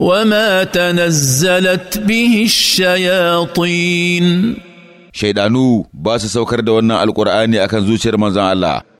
وما تنزلت به الشياطين shaidanu ba su saukar da wannan alkur'ani akan zuciyar manzon Allah